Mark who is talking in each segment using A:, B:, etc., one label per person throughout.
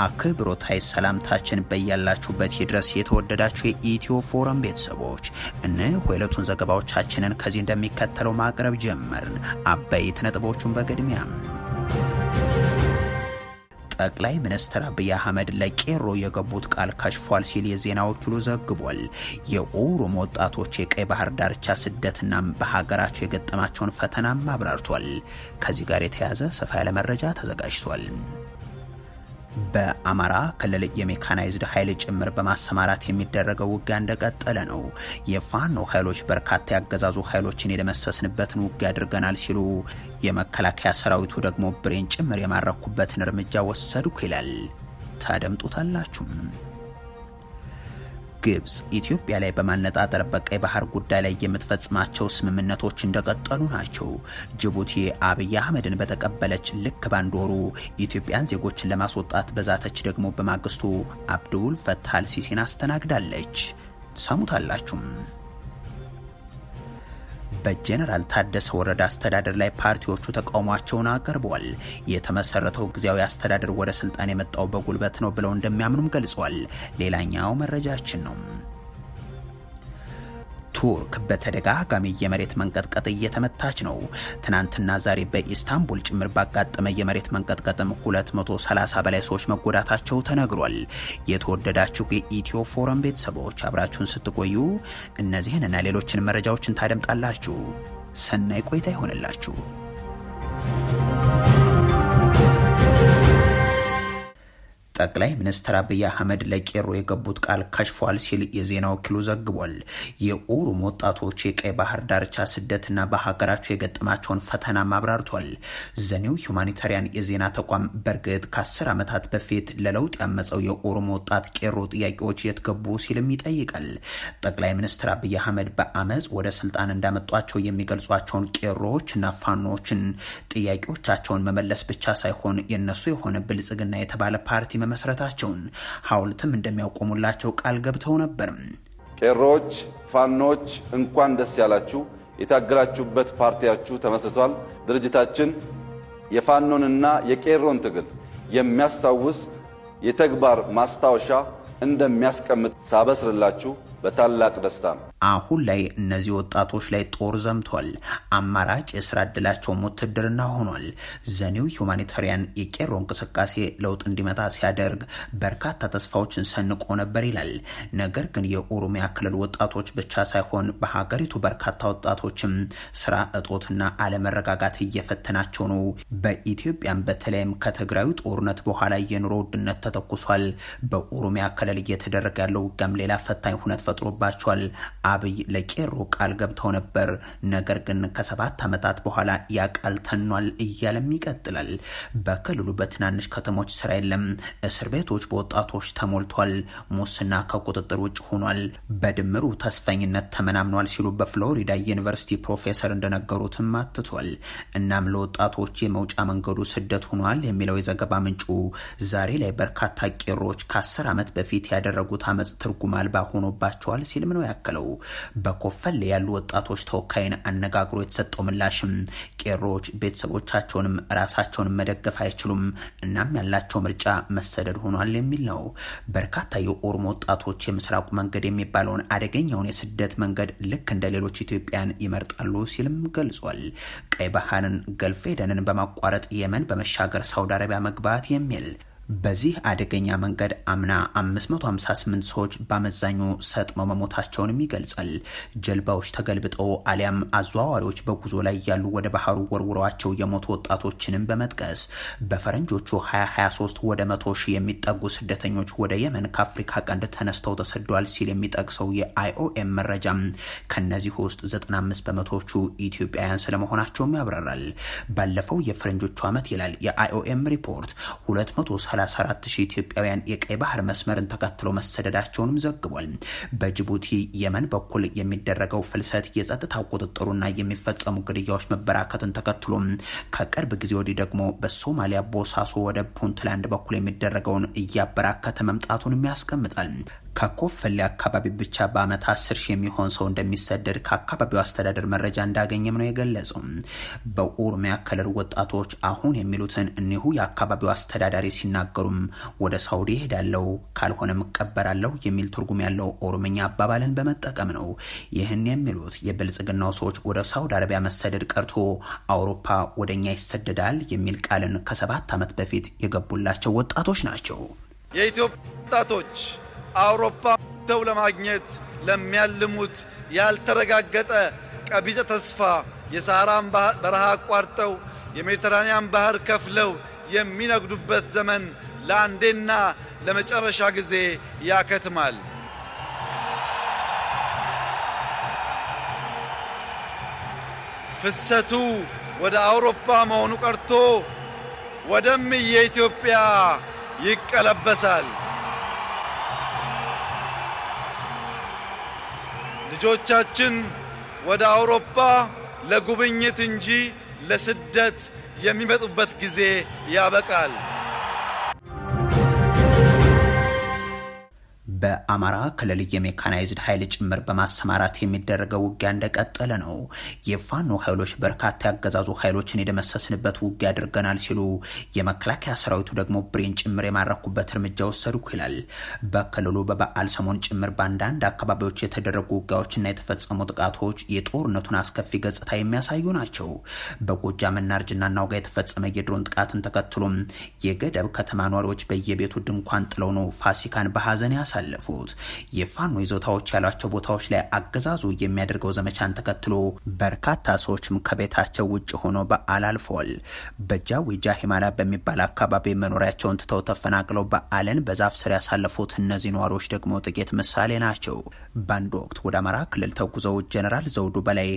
A: አክብሮታይ ሰላምታችን በያላችሁበት ይድረስ። የተወደዳችሁ የኢትዮ ፎረም ቤተሰቦች እነሆ ሁለቱን ዘገባዎቻችንን ከዚህ እንደሚከተለው ማቅረብ ጀመርን። አበይት ነጥቦቹን በቅድሚያም ጠቅላይ ሚኒስትር አብይ አህመድ ለቄሮ የገቡት ቃል ከሽፏል ሲል የዜና ወኪሉ ዘግቧል። የኦሮሞ ወጣቶች የቀይ ባህር ዳርቻ ስደትና በሀገራቸው የገጠማቸውን ፈተናም አብራርቷል። ከዚህ ጋር የተያያዘ ሰፋ ያለ መረጃ ተዘጋጅቷል። በአማራ ክልል የሜካናይዝድ ኃይል ጭምር በማሰማራት የሚደረገው ውጊያ እንደቀጠለ ነው። የፋኖ ኃይሎች በርካታ ያገዛዙ ኃይሎችን የደመሰስንበትን ውጊያ አድርገናል ሲሉ፣ የመከላከያ ሰራዊቱ ደግሞ ብሬን ጭምር የማረኩበትን እርምጃ ወሰዱኩ ይላል። ታደምጡታላችሁም። ግብጽ ኢትዮጵያ ላይ በማነጣጠር በቀይ ባህር ጉዳይ ላይ የምትፈጽማቸው ስምምነቶች እንደቀጠሉ ናቸው። ጅቡቲ አብይ አህመድን በተቀበለች ልክ ባንድ ወሩ ኢትዮጵያን ዜጎችን ለማስወጣት በዛተች ደግሞ በማግስቱ አብዱል ፈታህ አልሲሲን አስተናግዳለች። ሰሙታላችሁም። በጄኔራል ታደሰ ወረደ አስተዳደር ላይ ፓርቲዎቹ ተቃውሟቸውን አቅርበዋል። የተመሰረተው ጊዜያዊ አስተዳደር ወደ ስልጣን የመጣው በጉልበት ነው ብለው እንደሚያምኑም ገልጿል። ሌላኛው መረጃችን ነው። ቱርክ በተደጋጋሚ የመሬት መንቀጥቀጥ እየተመታች ነው። ትናንትና ዛሬ በኢስታንቡል ጭምር ባጋጠመ የመሬት መንቀጥቀጥም 230 በላይ ሰዎች መጎዳታቸው ተነግሯል። የተወደዳችሁ የኢትዮ ፎረም ቤተሰቦች አብራችሁን ስትቆዩ እነዚህን እና ሌሎችን መረጃዎችን ታደምጣላችሁ። ሰናይ ቆይታ ይሆንላችሁ። ጠቅላይ ሚኒስትር አብይ አህመድ ለቄሮ የገቡት ቃል ከሽፏል ሲል የዜና ወኪሉ ዘግቧል። የኦሮሞ ወጣቶች የቀይ ባህር ዳርቻ ስደትና በሀገራቸው የገጠማቸውን ፈተና አብራርቷል። ዘኒው ሁማኒታሪያን የዜና ተቋም በእርግጥ ከአስር ዓመታት በፊት ለለውጥ ያመፀው የኦሮሞ ወጣት ቄሮ ጥያቄዎች የት ገቡ ሲልም ይጠይቃል። ጠቅላይ ሚኒስትር አብይ አህመድ በአመፅ ወደ ስልጣን እንዳመጧቸው የሚገልጿቸውን ቄሮዎችና ፋኖዎችን ጥያቄዎቻቸውን መመለስ ብቻ ሳይሆን የነሱ የሆነ ብልጽግና የተባለ ፓርቲ መመስረታቸውን ሐውልትም እንደሚያቆሙላቸው ቃል ገብተው ነበር።
B: ቄሮዎች፣ ፋኖች እንኳን ደስ ያላችሁ። የታገላችሁበት ፓርቲያችሁ ተመስርቷል። ድርጅታችን የፋኖንና የቄሮን ትግል የሚያስታውስ የተግባር ማስታወሻ እንደሚያስቀምጥ ሳበስርላችሁ በታላቅ ደስታ ነው።
A: አሁን ላይ እነዚህ ወጣቶች ላይ ጦር ዘምቷል። አማራጭ የስራ እድላቸውም ውትድርና ሆኗል። ዘኒው ሁማኒታሪያን የቄሮ እንቅስቃሴ ለውጥ እንዲመጣ ሲያደርግ በርካታ ተስፋዎችን ሰንቆ ነበር ይላል። ነገር ግን የኦሮሚያ ክልል ወጣቶች ብቻ ሳይሆን በሀገሪቱ በርካታ ወጣቶችም ስራ እጦትና አለመረጋጋት እየፈተናቸው ነው። በኢትዮጵያም በተለይም ከትግራዩ ጦርነት በኋላ የኑሮ ውድነት ተተኩሷል። በኦሮሚያ ክልል እየተደረገ ያለው ውጊያም ሌላ ፈታኝ ሁነት ፈጥሮባቸዋል። አብይ ለቄሮ ቃል ገብተው ነበር፣ ነገር ግን ከሰባት ዓመታት በኋላ ያ ቃል ተኗል እያለም ይቀጥላል። በክልሉ በትናንሽ ከተሞች ስራ የለም፣ እስር ቤቶች በወጣቶች ተሞልቷል፣ ሙስና ከቁጥጥር ውጭ ሆኗል፣ በድምሩ ተስፈኝነት ተመናምኗል ሲሉ በፍሎሪዳ ዩኒቨርሲቲ ፕሮፌሰር እንደነገሩትም አትቷል። እናም ለወጣቶች የመውጫ መንገዱ ስደት ሆኗል የሚለው የዘገባ ምንጩ ዛሬ ላይ በርካታ ቄሮዎች ከአስር ዓመት በፊት ያደረጉት አመፅ ትርጉም አልባ ሆኖባቸው ይገባቸዋል ሲልም ነው ያከለው። በኮፈሌ ያሉ ወጣቶች ተወካይን አነጋግሮ የተሰጠው ምላሽም ቄሮዎች ቤተሰቦቻቸውንም ራሳቸውንም መደገፍ አይችሉም፣ እናም ያላቸው ምርጫ መሰደድ ሆኗል የሚል ነው። በርካታ የኦሮሞ ወጣቶች የምስራቁ መንገድ የሚባለውን አደገኛውን የስደት መንገድ ልክ እንደ ሌሎች ኢትዮጵያን ይመርጣሉ ሲልም ገልጿል። ቀይ ባህርን ገልፍ ኤደንን በማቋረጥ የመን በመሻገር ሳውዲ አረቢያ መግባት የሚል በዚህ አደገኛ መንገድ አምና 558 ሰዎች በአመዛኙ ሰጥመው መሞታቸውንም ይገልጻል። ጀልባዎች ተገልብጠው አሊያም አዘዋዋሪዎች በጉዞ ላይ ያሉ ወደ ባህሩ ወርውረዋቸው የሞቱ ወጣቶችንም በመጥቀስ በፈረንጆቹ 2023 ወደ መቶ ሺህ የሚጠጉ ስደተኞች ወደ የመን ከአፍሪካ ቀንድ ተነስተው ተሰዷል ሲል የሚጠቅሰው የአይኦኤም መረጃ ከእነዚህ ውስጥ 95 በመቶዎቹ ኢትዮጵያውያን ስለመሆናቸውም ያብራራል። ባለፈው የፈረንጆቹ ዓመት ይላል የአይኦኤም ሪፖርት 34 ሺህ ኢትዮጵያውያን የቀይ ባህር መስመርን ተከትሎ መሰደዳቸውንም ዘግቧል። በጅቡቲ የመን በኩል የሚደረገው ፍልሰት የጸጥታ ቁጥጥሩና የሚፈጸሙ ግድያዎች መበራከትን ተከትሎ ከቅርብ ጊዜ ወዲህ ደግሞ በሶማሊያ ቦሳሶ ወደ ፑንትላንድ በኩል የሚደረገውን እያበራከተ መምጣቱንም ያስቀምጣል። ከኮፈሌ አካባቢ ብቻ በአመት አስር ሺህ የሚሆን ሰው እንደሚሰደድ ከአካባቢው አስተዳደር መረጃ እንዳገኘም ነው የገለጸው። በኦሮሚያ ክልል ወጣቶች አሁን የሚሉትን እኒሁ የአካባቢው አስተዳዳሪ ሲናገሩም ወደ ሳውዲ ሄዳለው ካልሆነም እቀበራለሁ የሚል ትርጉም ያለው ኦሮምኛ አባባልን በመጠቀም ነው። ይህን የሚሉት የብልጽግናው ሰዎች ወደ ሳውዲ አረቢያ መሰደድ ቀርቶ አውሮፓ ወደኛ ይሰደዳል የሚል ቃልን ከሰባት ዓመት በፊት የገቡላቸው ወጣቶች ናቸው።
C: የኢትዮጵያ ወጣቶች አውሮፓ ተው ለማግኘት ለሚያልሙት ያልተረጋገጠ ቀቢጸ ተስፋ የሳራን በረሃ አቋርጠው የሜዲተራንያን ባህር ከፍለው የሚነግዱበት ዘመን ለአንዴና ለመጨረሻ ጊዜ ያከትማል። ፍሰቱ ወደ አውሮፓ መሆኑ ቀርቶ ወደም የኢትዮጵያ ይቀለበሳል። ልጆቻችን ወደ አውሮፓ ለጉብኝት እንጂ ለስደት የሚመጡበት ጊዜ ያበቃል።
A: በአማራ ክልል የሜካናይዝድ ኃይል ጭምር በማሰማራት የሚደረገው ውጊያ እንደቀጠለ ነው። የፋኖ ኃይሎች በርካታ ያገዛዙ ኃይሎችን የደመሰስንበት ውጊያ አድርገናል ሲሉ፣ የመከላከያ ሰራዊቱ ደግሞ ብሬን ጭምር የማረኩበት እርምጃ ወሰድኩ ይላል። በክልሉ በበዓል ሰሞን ጭምር በአንዳንድ አካባቢዎች የተደረጉ ውጊያዎችና የተፈጸሙ ጥቃቶች የጦርነቱን አስከፊ ገጽታ የሚያሳዩ ናቸው። በጎጃም እናርጅና እናውጋ የተፈጸመ የድሮን ጥቃትን ተከትሎም የገደብ ከተማ ኗሪዎች በየቤቱ ድንኳን ጥለው ነው ፋሲካን በሀዘን ያሳል ያለፉት። የፋኖ ይዞታዎች ያሏቸው ቦታዎች ላይ አገዛዙ የሚያደርገው ዘመቻን ተከትሎ በርካታ ሰዎችም ከቤታቸው ውጭ ሆኖ በዓል አልፏል። በጃዊ ጃሂማላ በሚባል አካባቢ መኖሪያቸውን ትተው ተፈናቅለው በዓልን በዛፍ ስር ያሳለፉት እነዚህ ነዋሪዎች ደግሞ ጥቂት ምሳሌ ናቸው። በአንድ ወቅት ወደ አማራ ክልል ተጉዘው ጀነራል ዘውዱ በላይ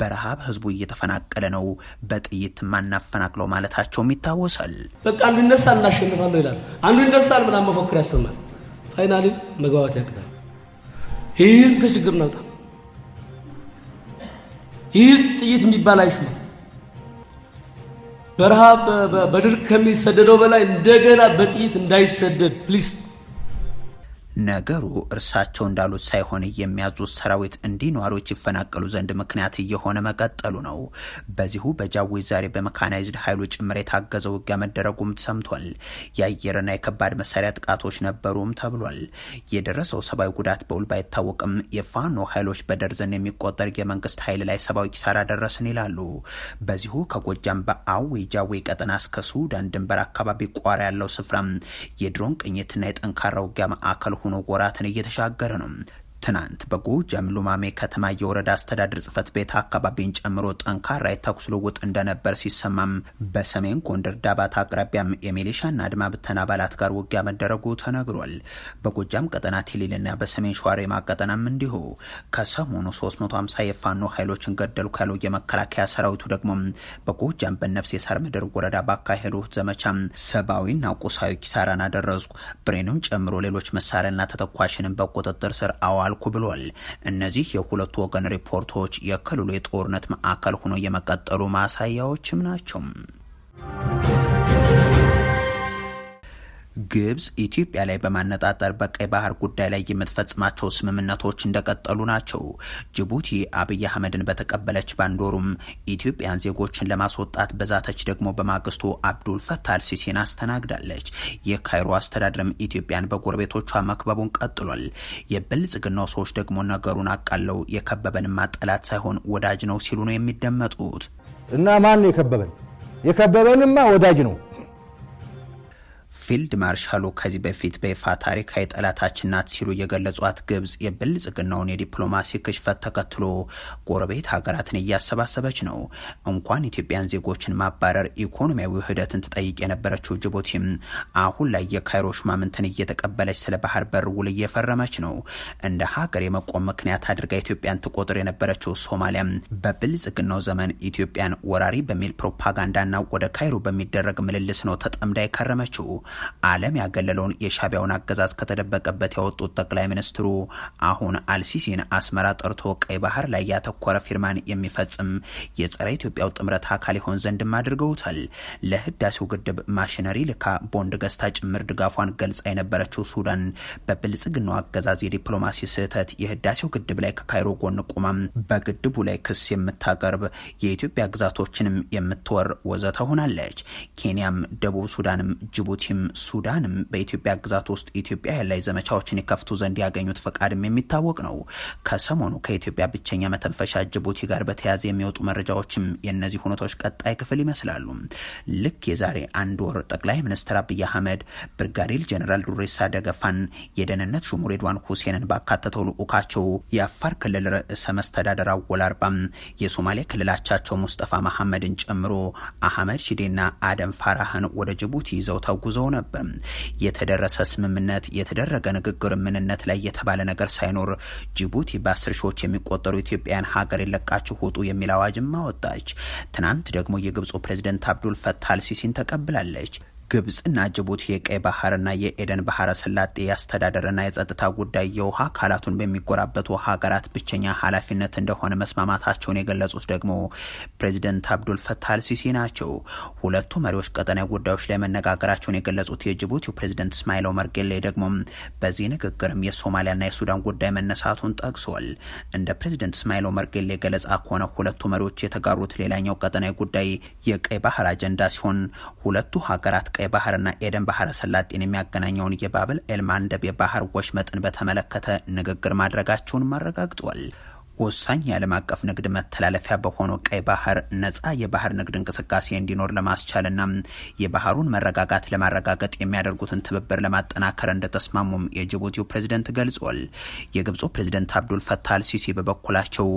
A: በረሃብ ህዝቡ እየተፈናቀለ ነው፣ በጥይት ማናፈናቅለው ማለታቸውም ይታወሳል።
D: በቃ አንዱ ይነሳል እናሸንፋለሁ ይላል፣ አንዱ ይነሳል ምናምን መፎክር ያሰማል። ፋይናሊ መግባባት ያቅታል። ይህ ህዝብ ከችግር ናውጣ። ይህ ህዝብ ጥይት የሚባል አይስማ። በረሃብ በድርቅ ከሚሰደደው በላይ እንደገና በጥይት እንዳይሰደድ ፕሊስ
A: ነገሩ እርሳቸው እንዳሉት ሳይሆን የሚያዙት ሰራዊት እንዲህ ነዋሪዎች ይፈናቀሉ ዘንድ ምክንያት እየሆነ መቀጠሉ ነው። በዚሁ በጃዊ ዛሬ በመካናይዝድ ኃይሉ ጭምር የታገዘ ውጊያ መደረጉም ሰምቷል። የአየርና የከባድ መሳሪያ ጥቃቶች ነበሩም ተብሏል። የደረሰው ሰብአዊ ጉዳት በውል ባይታወቅም የፋኖ ኃይሎች በደርዘን የሚቆጠር የመንግስት ኃይል ላይ ሰብአዊ ኪሳራ ደረስን ይላሉ። በዚሁ ከጎጃም በአዊ ጃዊ ቀጠና እስከ ሱዳን ድንበር አካባቢ ቋራ ያለው ስፍራ የድሮን ቅኝትና የጠንካራ ውጊያ ማዕከል ሆኖ ወራትን እየተሻገረ ነው። ትናንት በጎጃም ሉማሜ ከተማ የወረዳ አስተዳደር ጽህፈት ቤት አካባቢን ጨምሮ ጠንካራ የተኩስ ልውውጥ እንደነበር ሲሰማም በሰሜን ጎንደር ዳባት አቅራቢያም የሚሊሻና አድማ ብተና አባላት ጋር ውጊያ መደረጉ ተነግሯል። በጎጃም ቀጠና ቲሊልና በሰሜን ሸዋሬማ ቀጠናም እንዲሁ ከሰሞኑ 350 የፋኖ ኃይሎችን ገደልኩ ያለው የመከላከያ ሰራዊቱ ደግሞ በጎጃም በነፍስ የሳር ምድር ወረዳ ባካሄዱት ዘመቻ ሰብአዊና ቁሳዊ ኪሳራን አደረስኩ ብሬኑን ጨምሮ ሌሎች መሳሪያና ተተኳሽንም በቁጥጥር ስር አዋል አልቻልኩ ብሏል። እነዚህ የሁለቱ ወገን ሪፖርቶች የክልሉ የጦርነት ማዕከል ሆኖ የመቀጠሉ ማሳያዎችም ናቸው። ግብጽ ኢትዮጵያ ላይ በማነጣጠር በቀይ ባህር ጉዳይ ላይ የምትፈጽማቸው ስምምነቶች እንደቀጠሉ ናቸው። ጅቡቲ አብይ አህመድን በተቀበለች ባንዶሩም ኢትዮጵያን ዜጎችን ለማስወጣት በዛተች ደግሞ በማግስቱ አብዱል ፈታህ አልሲሲን አስተናግዳለች። የካይሮ አስተዳደርም ኢትዮጵያን በጎረቤቶቿ መክበቡን ቀጥሏል። የብልጽግናው ሰዎች ደግሞ ነገሩን አቃለው የከበበንማ ጠላት ሳይሆን ወዳጅ ነው ሲሉ ነው የሚደመጡት።
E: እና ማን ነው የከበበን? የከበበንማ ወዳጅ ነው
A: ፊልድ ማርሻሉ ከዚህ በፊት በይፋ ታሪካዊ ጠላታችን ናት ሲሉ የገለጿት ግብጽ የብልጽግናውን የዲፕሎማሲ ክሽፈት ተከትሎ ጎረቤት ሀገራትን እያሰባሰበች ነው። እንኳን ኢትዮጵያን ዜጎችን ማባረር ኢኮኖሚያዊ ውህደትን ትጠይቅ የነበረችው ጅቡቲም አሁን ላይ የካይሮ ሹማምንትን እየተቀበለች ስለ ባህር በር ውል እየፈረመች ነው። እንደ ሀገር የመቆም ምክንያት አድርጋ ኢትዮጵያን ትቆጥር የነበረችው ሶማሊያም በብልጽግናው ዘመን ኢትዮጵያን ወራሪ በሚል ፕሮፓጋንዳና ወደ ካይሮ በሚደረግ ምልልስ ነው ተጠምዳ የከረመችው። ዓለም ያገለለውን የሻቢያውን አገዛዝ ከተደበቀበት ያወጡት ጠቅላይ ሚኒስትሩ አሁን አልሲሲን አስመራ ጠርቶ ቀይ ባህር ላይ ያተኮረ ፊርማን የሚፈጽም የጸረ ኢትዮጵያው ጥምረት አካል ይሆን ዘንድም አድርገውታል። ለህዳሴው ግድብ ማሽነሪ ልካ ቦንድ ገዝታ ጭምር ድጋፏን ገልጻ የነበረችው ሱዳን በብልጽግናው አገዛዝ የዲፕሎማሲ ስህተት የህዳሴው ግድብ ላይ ከካይሮ ጎን ቁማም በግድቡ ላይ ክስ የምታቀርብ የኢትዮጵያ ግዛቶችንም የምትወር ወዘተ ሆናለች። ኬንያም፣ ደቡብ ሱዳንም፣ ጅቡቲ ጅቡቲም ሱዳንም በኢትዮጵያ ግዛት ውስጥ ኢትዮጵያ ላይ ዘመቻዎችን የከፍቱ ዘንድ ያገኙት ፈቃድም የሚታወቅ ነው። ከሰሞኑ ከኢትዮጵያ ብቸኛ መተንፈሻ ጅቡቲ ጋር በተያያዘ የሚወጡ መረጃዎችም የእነዚህ ሁነቶች ቀጣይ ክፍል ይመስላሉ። ልክ የዛሬ አንድ ወር ጠቅላይ ሚኒስትር አብይ አህመድ ብርጋዴር ጀኔራል ዱሬሳ ደገፋን የደህንነት ሹሙ ሬድዋን ሁሴንን ባካተተው ልዑካቸው የአፋር ክልል ርዕሰ መስተዳደር አወል አርባም የሶማሌ ክልላቻቸው ሙስጠፋ መሐመድን ጨምሮ አህመድ ሺዴና አደም ፋራህን ወደ ጅቡቲ ይዘው ተጉዘው ይዞ ነበር። የተደረሰ ስምምነት፣ የተደረገ ንግግር ምንነት ላይ የተባለ ነገር ሳይኖር ጅቡቲ በአስር ሺዎች የሚቆጠሩ ኢትዮጵያውያን ሀገር የለቃችሁ ውጡ የሚል አዋጅም አወጣች። ትናንት ደግሞ የግብፁ ፕሬዚደንት አብዱል ፈታህ አልሲሲን ተቀብላለች። ግብጽና ጅቡቲ የቀይ ባህርና የኤደን ባህረ ሰላጤ የአስተዳደርና የጸጥታ ጉዳይ የውሃ አካላቱን በሚጎራበቱ ሀገራት ብቸኛ ኃላፊነት እንደሆነ መስማማታቸውን የገለጹት ደግሞ ፕሬዚደንት አብዱል ፈታህ አልሲሲ ናቸው። ሁለቱ መሪዎች ቀጠናዊ ጉዳዮች ላይ መነጋገራቸውን የገለጹት የጅቡቲው ፕሬዚደንት እስማኤል ኦመር ጌሌ ደግሞ በዚህ ንግግርም የሶማሊያና የሱዳን ጉዳይ መነሳቱን ጠቅሷል። እንደ ፕሬዚደንት እስማኤል ኦመር ጌሌ ገለጻ ከሆነ ሁለቱ መሪዎች የተጋሩት ሌላኛው ቀጠናዊ ጉዳይ የቀይ ባህር አጀንዳ ሲሆን ሁለቱ ሀገራት ቀይ ባህርና ኤደን ባህረ ሰላጤን የሚያገናኘውን የባብል ኤልማንደብ የባህር ወሽመጥን በተመለከተ ንግግር ማድረጋቸውን አረጋግጧል። ወሳኝ የዓለም አቀፍ ንግድ መተላለፊያ በሆነው ቀይ ባህር ነፃ የባህር ንግድ እንቅስቃሴ እንዲኖር ለማስቻልና የባህሩን መረጋጋት ለማረጋገጥ የሚያደርጉትን ትብብር ለማጠናከር እንደተስማሙም የጅቡቲው ፕሬዝደንት ገልጿል። የግብፁ ፕሬዝደንት አብዱል ፈታህ አልሲሲ በበኩላቸው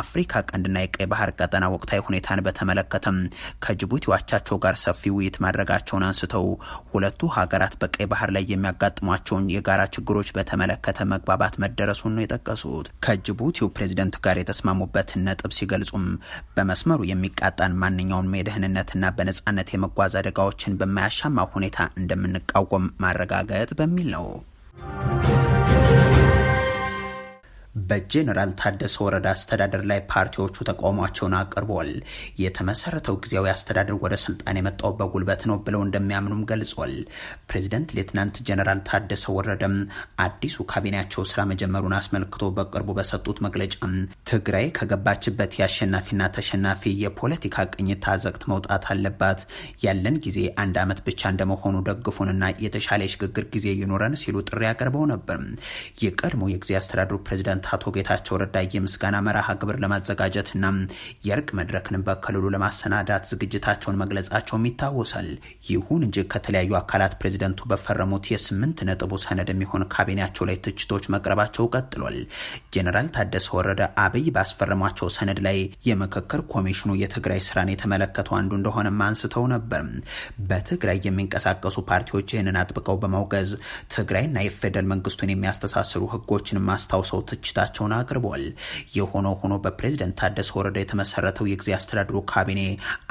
A: አፍሪካ ቀንድና የቀይ ባህር ቀጠና ወቅታዊ ሁኔታን በተመለከተም ከጅቡቲ አቻቸው ጋር ሰፊ ውይይት ማድረጋቸውን አንስተው ሁለቱ ሀገራት በቀይ ባህር ላይ የሚያጋጥሟቸውን የጋራ ችግሮች በተመለከተ መግባባት መደረሱን ነው የጠቀሱት። ከጅቡቲው ፕሬዚደንት ጋር የተስማሙበት ነጥብ ሲገልጹም በመስመሩ የሚቃጣን ማንኛውንም የደህንነትና በነጻነት የመጓዝ አደጋዎችን በማያሻማ ሁኔታ እንደምንቃወም ማረጋገጥ በሚል ነው። በጄኔራል ታደሰ ወረዳ አስተዳደር ላይ ፓርቲዎቹ ተቃውሟቸውን አቅርቧል። የተመሰረተው ጊዜያዊ አስተዳደር ወደ ስልጣን የመጣው በጉልበት ነው ብለው እንደሚያምኑም ገልጿል። ፕሬዚደንት ሌትናንት ጄኔራል ታደሰ ወረደም አዲሱ ካቢኔያቸው ስራ መጀመሩን አስመልክቶ በቅርቡ በሰጡት መግለጫ ትግራይ ከገባችበት የአሸናፊና ተሸናፊ የፖለቲካ ቅኝት አዘቅት መውጣት አለባት፣ ያለን ጊዜ አንድ ዓመት ብቻ እንደመሆኑ ደግፉንና የተሻለ የሽግግር ጊዜ ይኖረን ሲሉ ጥሪ አቅርበው ነበር። የቀድሞ የጊዜ አስተዳደሩ ፕሬዚዳንት አቶ ጌታቸው ረዳ የምስጋና መርሃ ግብር ለማዘጋጀትና የእርቅ መድረክንም በክልሉ ለማሰናዳት ዝግጅታቸውን መግለጻቸውም ይታወሳል። ይሁን እንጂ ከተለያዩ አካላት ፕሬዚደንቱ በፈረሙት የስምንት ነጥቡ ሰነድ የሚሆን ካቢኔያቸው ላይ ትችቶች መቅረባቸው ቀጥሏል። ጄኔራል ታደሰ ወረደ አብይ ባስፈረሟቸው ሰነድ ላይ የምክክር ኮሚሽኑ የትግራይ ስራን የተመለከተው አንዱ እንደሆነም አንስተው ነበር። በትግራይ የሚንቀሳቀሱ ፓርቲዎች ይህንን አጥብቀው በማውገዝ ትግራይና የፌደራል መንግስቱን የሚያስተሳስሩ ህጎችን ማስታውሰው ትችት ትችታቸውን አቅርቧል። የሆኖ ሆኖ በፕሬዝደንት ታደሰ ወረደ የተመሰረተው የጊዜ አስተዳድሩ ካቢኔ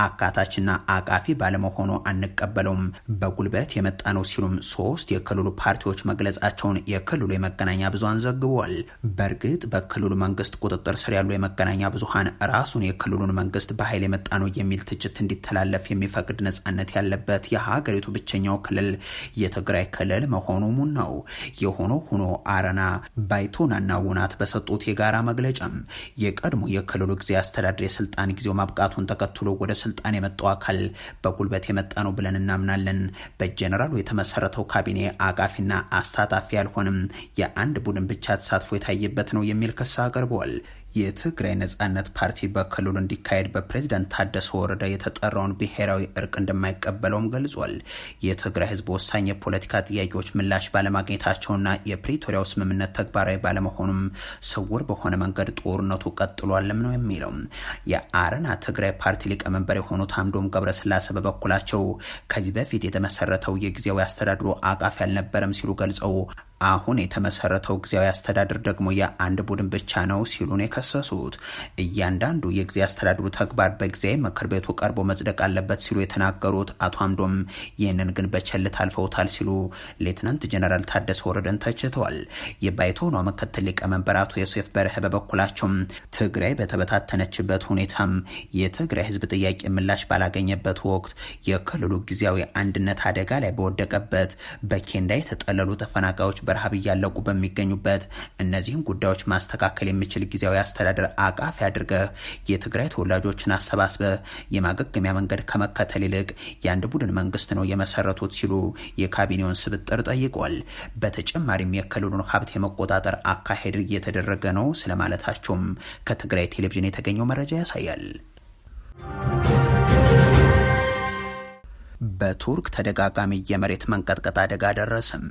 A: አካታችና አቃፊ ባለመሆኑ አንቀበለውም፣ በጉልበት የመጣ ነው ሲሉም ሶስት የክልሉ ፓርቲዎች መግለጻቸውን የክልሉ የመገናኛ ብዙሀን ዘግቧል። በእርግጥ በክልሉ መንግስት ቁጥጥር ስር ያሉ የመገናኛ ብዙሀን ራሱን የክልሉን መንግስት በኃይል የመጣ ነው የሚል ትችት እንዲተላለፍ የሚፈቅድ ነጻነት ያለበት የሀገሪቱ ብቸኛው ክልል የትግራይ ክልል መሆኑ ሙን ነው። የሆኖ ሆኖ አረና ባይቶናና ውና ባለስልጣናት በሰጡት የጋራ መግለጫም የቀድሞ የክልሉ ጊዜ አስተዳደር የስልጣን ጊዜው ማብቃቱን ተከትሎ ወደ ስልጣን የመጣው አካል በጉልበት የመጣ ነው ብለን እናምናለን። በጀነራሉ የተመሰረተው ካቢኔ አቃፊና አሳታፊ አልሆንም፣ የአንድ ቡድን ብቻ ተሳትፎ የታየበት ነው የሚል ክስ አቅርበዋል። የትግራይ ነጻነት ፓርቲ በክልሉ እንዲካሄድ በፕሬዝዳንት ታደሰ ወረደ የተጠራውን ብሔራዊ እርቅ እንደማይቀበለውም ገልጿል። የትግራይ ህዝብ ወሳኝ የፖለቲካ ጥያቄዎች ምላሽ ባለማግኘታቸውና የፕሪቶሪያው ስምምነት ተግባራዊ ባለመሆኑም ስውር በሆነ መንገድ ጦርነቱ ቀጥሏልም ነው የሚለው። የአረና ትግራይ ፓርቲ ሊቀመንበር የሆኑት አምዶም ገብረስላሴ በበኩላቸው ከዚህ በፊት የተመሰረተው የጊዜያዊ አስተዳድሮ አቃፊ አልነበረም ሲሉ ገልጸው አሁን የተመሰረተው ጊዜያዊ አስተዳደር ደግሞ የአንድ ቡድን ብቻ ነው ሲሉ የከሰሱት። እያንዳንዱ የጊዜያዊ አስተዳደሩ ተግባር በጊዜያዊ ምክር ቤቱ ቀርቦ መጽደቅ አለበት ሲሉ የተናገሩት አቶ አምዶም ይህንን ግን በቸልታ አልፈውታል ሲሉ ሌትናንት ጀነራል ታደሰ ወረደን ተችተዋል። የባይቶኗ ምክትል ሊቀመንበር አቶ ዮሴፍ በርህ በበኩላቸውም ትግራይ በተበታተነችበት ሁኔታም የትግራይ ህዝብ ጥያቄ ምላሽ ባላገኘበት ወቅት የክልሉ ጊዜያዊ አንድነት አደጋ ላይ በወደቀበት በኬንዳ የተጠለሉ ተፈናቃዮች በረሃብ እያለቁ በሚገኙበት እነዚህን ጉዳዮች ማስተካከል የሚችል ጊዜያዊ አስተዳደር አቃፊ አድርገህ የትግራይ ተወላጆችን አሰባስበ የማገገሚያ መንገድ ከመከተል ይልቅ የአንድ ቡድን መንግስት ነው የመሰረቱት ሲሉ የካቢኔውን ስብጥር ጠይቋል። በተጨማሪም የክልሉን ሀብት የመቆጣጠር አካሄድ እየተደረገ ነው ስለማለታቸውም ከትግራይ ቴሌቪዥን የተገኘው መረጃ ያሳያል። በቱርክ ተደጋጋሚ የመሬት መንቀጥቀጥ አደጋ ደረሰም።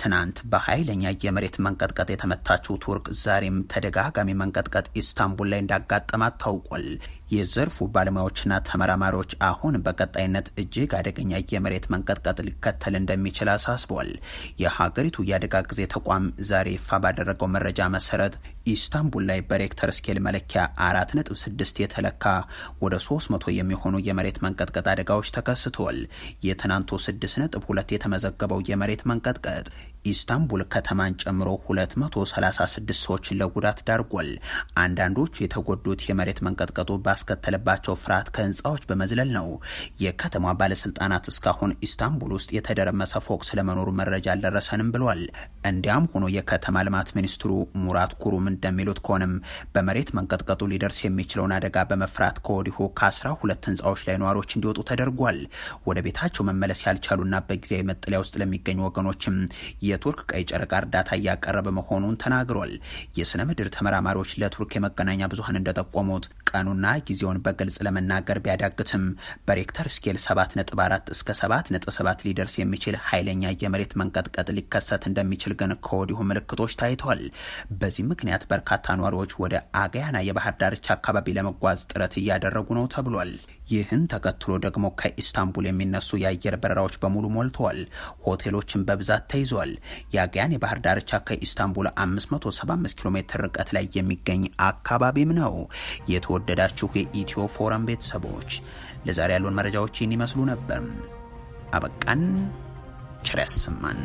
A: ትናንት በኃይለኛ የመሬት መንቀጥቀጥ የተመታችው ቱርክ ዛሬም ተደጋጋሚ መንቀጥቀጥ ኢስታንቡል ላይ እንዳጋጠማት ታውቋል። የዘርፉ ባለሙያዎችና ተመራማሪዎች አሁን በቀጣይነት እጅግ አደገኛ የመሬት መንቀጥቀጥ ሊከተል እንደሚችል አሳስቧል። የሀገሪቱ የአደጋ ጊዜ ተቋም ዛሬ ይፋ ባደረገው መረጃ መሰረት ኢስታንቡል ላይ በሬክተር ስኬል መለኪያ 4.6 የተለካ ወደ 300 የሚሆኑ የመሬት መንቀጥቀጥ አደጋዎች ተከስተዋል። የትናንቱ 6.2 የተመዘገበው የመሬት መንቀጥቀጥ ኢስታንቡል ከተማን ጨምሮ 236 ሰዎችን ለጉዳት ዳርጓል። አንዳንዶቹ የተጎዱት የመሬት መንቀጥቀጡ ባስከተለባቸው ፍርሃት ከህንፃዎች በመዝለል ነው። የከተማ ባለስልጣናት እስካሁን ኢስታንቡል ውስጥ የተደረመሰ ፎቅ ስለመኖሩ መረጃ አልደረሰንም ብሏል። እንዲያም ሆኖ የከተማ ልማት ሚኒስትሩ ሙራት ኩሩም እንደሚሉት ከሆነም በመሬት መንቀጥቀጡ ሊደርስ የሚችለውን አደጋ በመፍራት ከወዲሁ ከአስራ ሁለት ህንፃዎች ላይ ነዋሪዎች እንዲወጡ ተደርጓል። ወደ ቤታቸው መመለስ ያልቻሉና በጊዜያዊ መጠለያ ውስጥ ለሚገኙ ወገኖችም የቱርክ ቀይ ጨረቃ እርዳታ እያቀረበ መሆኑን ተናግሯል። የስነ ምድር ተመራማሪዎች ለቱርክ የመገናኛ ብዙሀን እንደጠቆሙት ቀኑና ጊዜውን በግልጽ ለመናገር ቢያዳግትም በሬክተር ስኬል 7.4 እስከ 7.7 ሊደርስ የሚችል ኃይለኛ የመሬት መንቀጥቀጥ ሊከሰት እንደሚችል ግን ከወዲሁ ምልክቶች ታይተዋል። በዚህ ምክንያት በርካታ ነዋሪዎች ወደ አጋያና የባህር ዳርቻ አካባቢ ለመጓዝ ጥረት እያደረጉ ነው ተብሏል። ይህን ተከትሎ ደግሞ ከኢስታንቡል የሚነሱ የአየር በረራዎች በሙሉ ሞልተዋል። ሆቴሎችን በብዛት ተይዟል። የአግያን የባህር ዳርቻ ከኢስታንቡል 575 ኪሎ ሜትር ርቀት ላይ የሚገኝ አካባቢም ነው። የተወደዳችሁ የኢትዮ ፎረም ቤተሰቦች ለዛሬ ያሉን መረጃዎች ይህን ይመስሉ ነበር። አበቃን። ቸር ያሰማን።